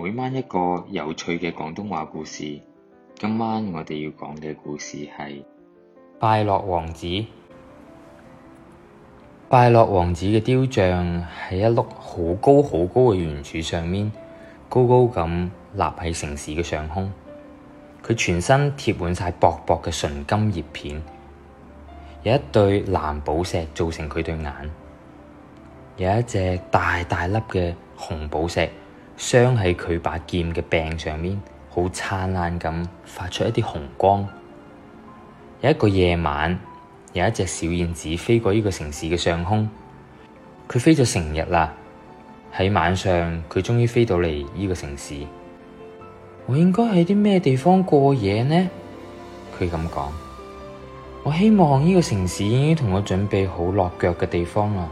每晚一個有趣嘅廣東話故事，今晚我哋要講嘅故事係《快樂王子》。快樂王子嘅雕像喺一碌好高好高嘅圓柱上面，高高咁立喺城市嘅上空。佢全身貼滿晒薄薄嘅純金葉片，有一對藍寶石做成佢對眼，有一隻大大粒嘅紅寶石。鑲喺佢把劍嘅柄上面，好燦爛咁發出一啲紅光。有一個夜晚，有一隻小燕子飛過呢個城市嘅上空，佢飛咗成日啦。喺晚上，佢終於飛到嚟呢個城市。我應該喺啲咩地方過夜呢？佢咁講。我希望呢個城市已經同我準備好落腳嘅地方啦。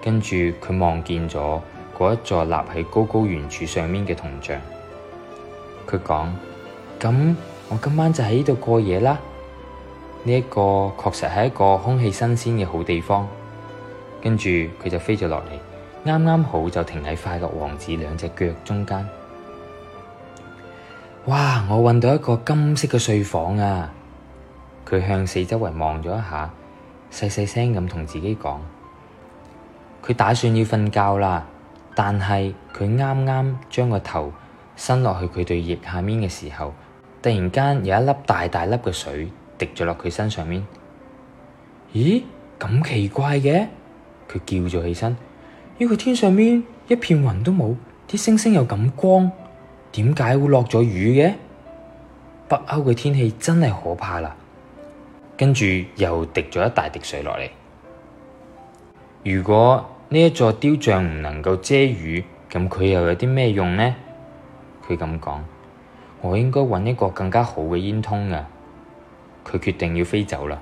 跟住佢望見咗。嗰一座立喺高高原柱上面嘅銅像，佢講，咁我今晚就喺呢度過夜啦。呢一個確實係一個空氣新鮮嘅好地方。跟住佢就飛咗落嚟，啱啱好就停喺快樂王子兩隻腳中間。哇！我揾到一個金色嘅睡房啊！佢向四周圍望咗一下，細細聲咁同自己講，佢打算要瞓覺啦。但係佢啱啱將個頭伸落去佢對翼下面嘅時候，突然間有一粒大大粒嘅水滴咗落佢身上面。咦，咁奇怪嘅！佢叫咗起身，因為天上面一片雲都冇，啲星星又咁光，點解會落咗雨嘅？北歐嘅天氣真係可怕啦！跟住又滴咗一大滴水落嚟。如果呢一座雕像唔能夠遮雨，咁佢又有啲咩用呢？佢咁講，我應該揾一個更加好嘅煙通啊！佢決定要飛走啦，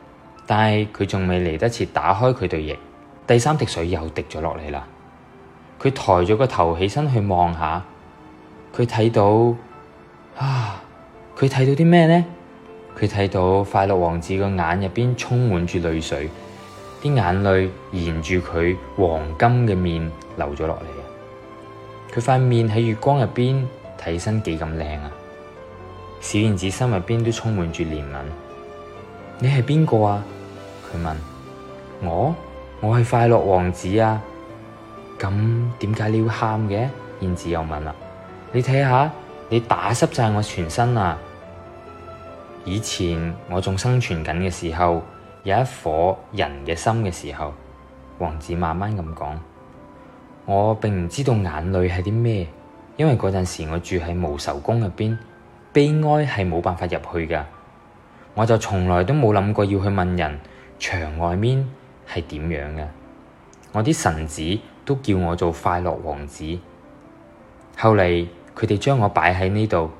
但係佢仲未嚟得切打開佢對翼，第三滴水又滴咗落嚟啦。佢抬咗個頭起身去望下，佢睇到啊！佢睇到啲咩呢？佢睇到快樂王子個眼入邊充滿住淚水。啲眼淚沿住佢黃金嘅面流咗落嚟啊！佢塊面喺月光入邊睇起身幾咁靚啊！小燕子心入邊都充滿住憐憫。你係邊個啊？佢問我，我係快樂王子啊！咁點解你要喊嘅？燕子又問啦。你睇下，你打濕晒我全身啊！以前我仲生存緊嘅時候。有一顆人嘅心嘅時候，王子慢慢咁講：我並唔知道眼淚係啲咩，因為嗰陣時我住喺無愁宮入邊，悲哀係冇辦法入去㗎。我就從來都冇諗過要去問人，牆外面係點樣嘅。我啲臣子都叫我做快樂王子。後嚟佢哋將我擺喺呢度。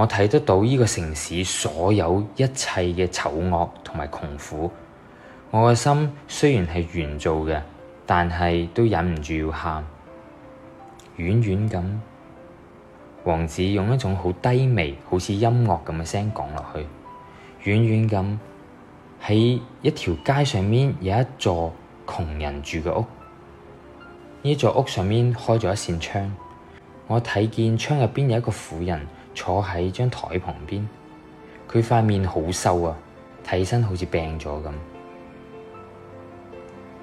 我睇得到呢個城市所有一切嘅醜惡同埋窮苦，我嘅心雖然係鉛造嘅，但係都忍唔住要喊。遠遠咁，王子用一種好低微、好似音樂咁嘅聲講落去。遠遠咁，喺一條街上面有一座窮人住嘅屋，呢座屋上面開咗一扇窗，我睇見窗入邊有一個婦人。坐喺張台旁邊，佢塊面好瘦啊，睇起身好似病咗咁。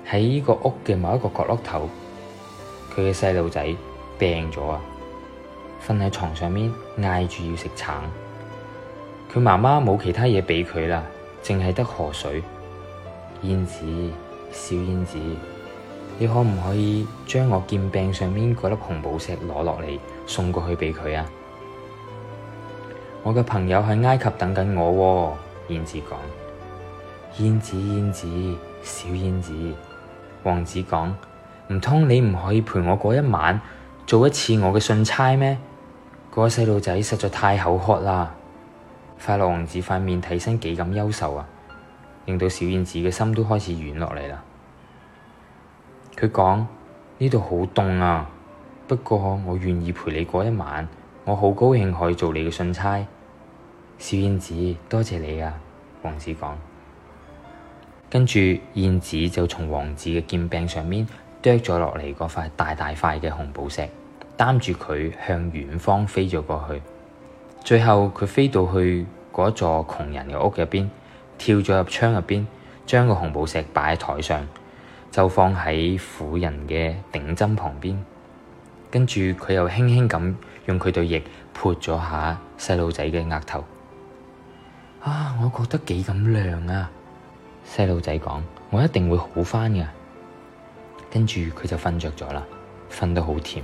喺呢個屋嘅某一個角落頭，佢嘅細路仔病咗啊，瞓喺床上面嗌住要食橙。佢媽媽冇其他嘢畀佢啦，淨係得河水。燕子，小燕子，你可唔可以將我劍柄上面嗰粒紅寶石攞落嚟送過去畀佢啊？我嘅朋友喺埃及等緊我，啊，燕子講。燕子，燕子，小燕子，王子講，唔通你唔可以陪我過一晚，做一次我嘅信差咩？嗰、那個細路仔實在太口渴啦。快樂王子塊面睇起身幾咁優秀啊，令到小燕子嘅心都開始軟落嚟啦。佢講，呢度好凍啊，不過我願意陪你過一晚。我好高興可以做你嘅信差，小燕子，多謝你啊！王子講，跟住燕子就從王子嘅劍柄上面啄咗落嚟嗰塊大大塊嘅紅寶石，擔住佢向遠方飛咗過去。最後佢飛到去嗰座窮人嘅屋入邊，跳咗入窗入邊，將個紅寶石擺喺台上，就放喺婦人嘅頂針旁邊。跟住佢又輕輕咁。用佢對翼潑咗下細路仔嘅額頭，啊！我覺得幾咁涼啊！細路仔講：我一定會好翻㗎。跟住佢就瞓着咗啦，瞓得好甜。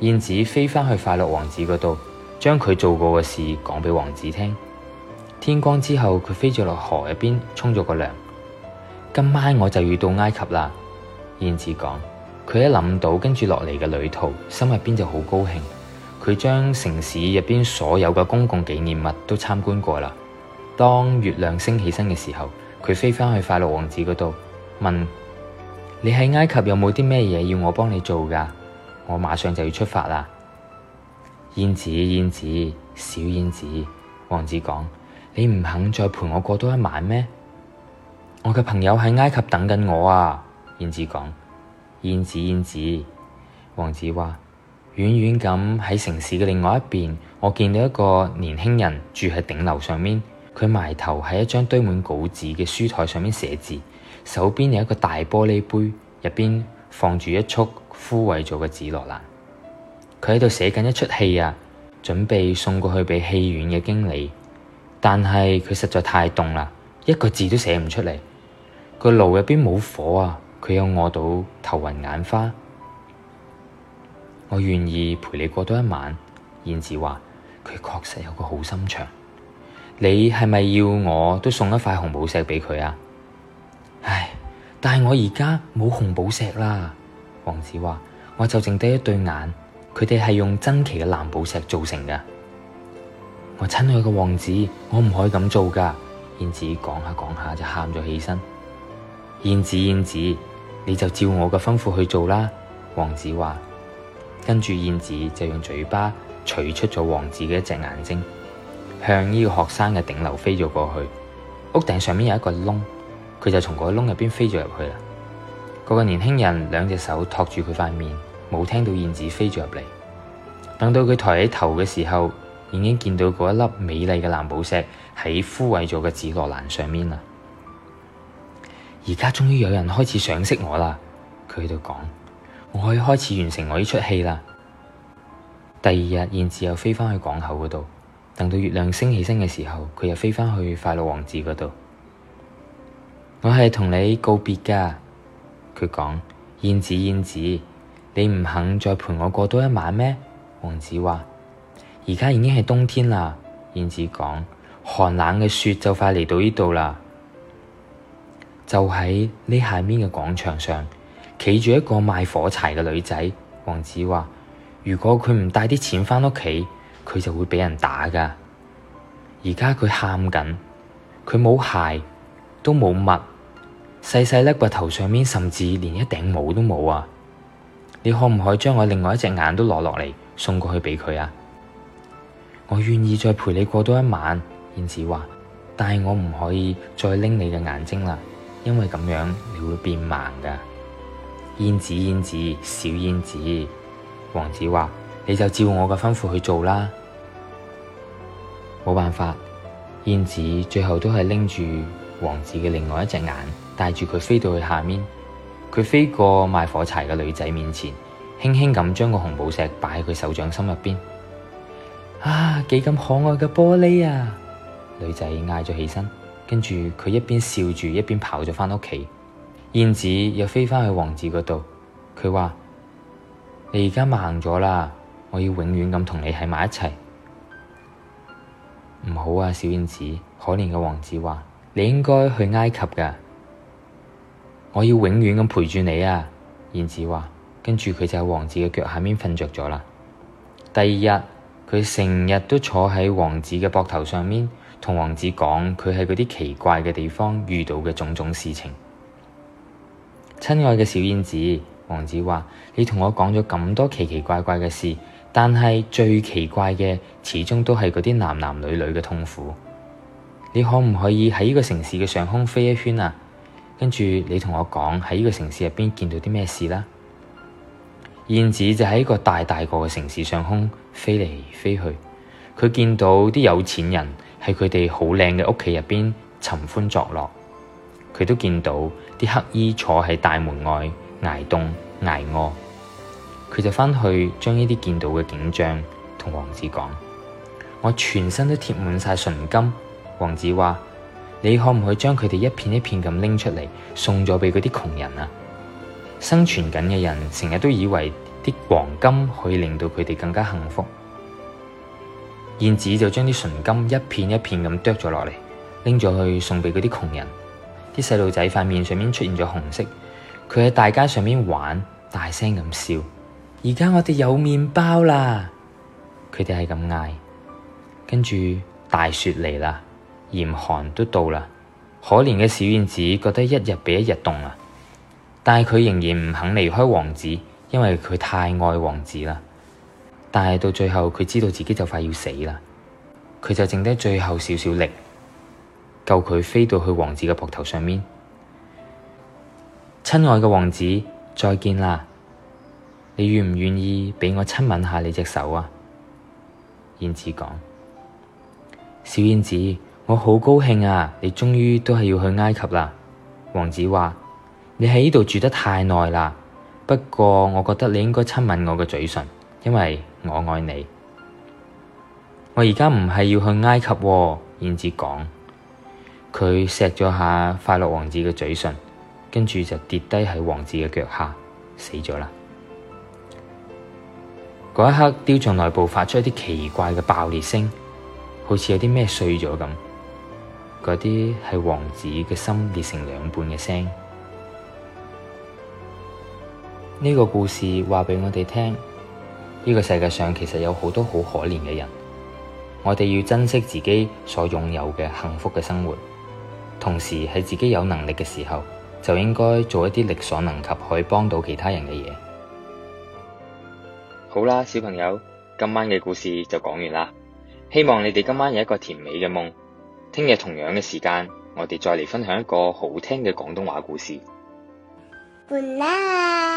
燕子飛翻去快樂王子嗰度，將佢做過嘅事講俾王子聽。天光之後，佢飛咗落河入邊沖咗個涼。今晚我就要到埃及啦，燕子講。佢一諗到跟住落嚟嘅旅途，心入邊就好高興。佢將城市入邊所有嘅公共紀念物都參觀過啦。當月亮升起身嘅時候，佢飛返去快樂王子嗰度，問：你喺埃及有冇啲咩嘢要我幫你做噶？我馬上就要出發啦。燕子，燕子，小燕子，王子講：你唔肯再陪我過多一晚咩？我嘅朋友喺埃及等緊我啊！燕子講。燕子，燕子，王子話：遠遠咁喺城市嘅另外一邊，我見到一個年輕人住喺頂樓上面，佢埋頭喺一張堆滿稿紙嘅書檯上面寫字，手邊有一個大玻璃杯，入邊放住一束枯萎咗嘅紫羅蘭。佢喺度寫緊一出戲啊，準備送過去畀戲院嘅經理，但係佢實在太凍啦，一個字都寫唔出嚟，個爐入邊冇火啊！佢又餓到頭暈眼花，我願意陪你過多一晚。燕子話：佢確實有個好心腸。你係咪要我都送一塊紅寶石俾佢啊？唉，但係我而家冇紅寶石啦。王子話：我就剩低一對眼，佢哋係用珍奇嘅藍寶石做成噶。我親愛嘅王子，我唔可以咁做噶。燕子講下講下就喊咗起身。燕子，燕子。你就照我嘅吩咐去做啦，王子話。跟住燕子就用嘴巴取出咗王子嘅一隻眼睛，向呢個學生嘅頂樓飛咗過去。屋頂上面有一個窿，佢就從個窿入邊飛咗入去啦。嗰、嗰個年輕人兩隻手托住佢塊面，冇聽到燕子飛咗入嚟。等到佢抬起頭嘅時候，已經見到嗰一粒美麗嘅藍寶石喺枯萎咗嘅紫羅蘭上面啦。而家終於有人開始賞識我啦，佢喺度講，我可以開始完成我呢出戲啦。第二日，燕子又飛返去港口嗰度，等到月亮升起身嘅時候，佢又飛返去快樂王子嗰度。我係同你告別㗎，佢講，燕子燕子，你唔肯再陪我過多一晚咩？王子話，而家已經係冬天啦。燕子講，寒冷嘅雪就快嚟到呢度啦。就喺呢下面嘅廣場上，企住一個賣火柴嘅女仔。王子話：如果佢唔帶啲錢返屋企，佢就會畀人打㗎。而家佢喊緊，佢冇鞋，都冇襪，細細粒個頭上面甚至連一頂帽都冇啊！你可唔可以將我另外一隻眼都攞落嚟，送過去畀佢啊？我願意再陪你過多一晚，燕子話，但係我唔可以再拎你嘅眼睛啦。因為咁樣你會變盲噶，燕子，燕子，小燕子，王子話，你就照我嘅吩咐去做啦。冇辦法，燕子最後都係拎住王子嘅另外一隻眼，帶住佢飛到去下面，佢飛過賣火柴嘅女仔面前，輕輕咁將個紅寶石擺喺佢手掌心入邊。啊，幾咁可愛嘅玻璃啊，女仔嗌咗起身。跟住佢一邊笑住一邊跑咗返屋企，燕子又飛返去王子嗰度。佢話：你而家盲咗啦，我要永遠咁同你喺埋一齊。唔好啊，小燕子，可憐嘅王子話：你應該去埃及㗎，我要永遠咁陪住你啊。燕子話：跟住佢就喺王子嘅腳下面瞓着咗啦。第二日佢成日都坐喺王子嘅膊頭上面。同王子講佢喺嗰啲奇怪嘅地方遇到嘅種種事情。親愛嘅小燕子，王子話：你同我講咗咁多奇奇怪怪嘅事，但係最奇怪嘅始終都係嗰啲男男女女嘅痛苦。你可唔可以喺呢個城市嘅上空飛一圈啊？跟住你同我講喺呢個城市入邊見到啲咩事啦？燕子就喺一個大大個嘅城市上空飛嚟飛去，佢見到啲有錢人。喺佢哋好靚嘅屋企入邊尋歡作樂，佢都見到啲乞衣坐喺大門外挨凍挨餓，佢、呃、就返去將呢啲見到嘅景象同王子講：我全身都貼滿晒純金。王子話：你可唔可以將佢哋一片一片咁拎出嚟送咗畀嗰啲窮人啊？生存緊嘅人成日都以為啲黃金可以令到佢哋更加幸福。燕子就將啲純金一片一片咁啄咗落嚟，拎咗去送畀嗰啲窮人。啲細路仔塊面上面出現咗紅色，佢喺大街上面玩，大聲咁笑。而家我哋有麵包啦！佢哋係咁嗌。跟住大雪嚟啦，嚴寒都到啦。可憐嘅小燕子覺得一日比一日凍啦，但係佢仍然唔肯離開王子，因為佢太愛王子啦。但係到最後佢知道自己就快要死啦，佢就剩低最後少少力，救佢飛到去王子嘅膊頭上面。親愛嘅王子，再見啦！你願唔願意畀我親吻下你隻手啊？燕子講。小燕子，我好高興啊！你終於都係要去埃及啦。王子話：你喺呢度住得太耐啦，不過我覺得你應該親吻我嘅嘴唇，因為。我愛你，我而家唔係要去埃及喎。燕子講，佢錫咗下快樂王子嘅嘴唇，跟住就跌低喺王子嘅腳下，死咗啦。嗰一刻，雕像內部發出一啲奇怪嘅爆裂聲，好似有啲咩碎咗咁。嗰啲係王子嘅心裂成兩半嘅聲。呢個故事話俾我哋聽。呢個世界上其實有好多好可憐嘅人，我哋要珍惜自己所擁有嘅幸福嘅生活，同時喺自己有能力嘅時候就應該做一啲力所能及可以幫到其他人嘅嘢。好啦，小朋友，今晚嘅故事就講完啦，希望你哋今晚有一個甜美嘅夢。聽日同樣嘅時間，我哋再嚟分享一個好聽嘅廣東話故事。好啦。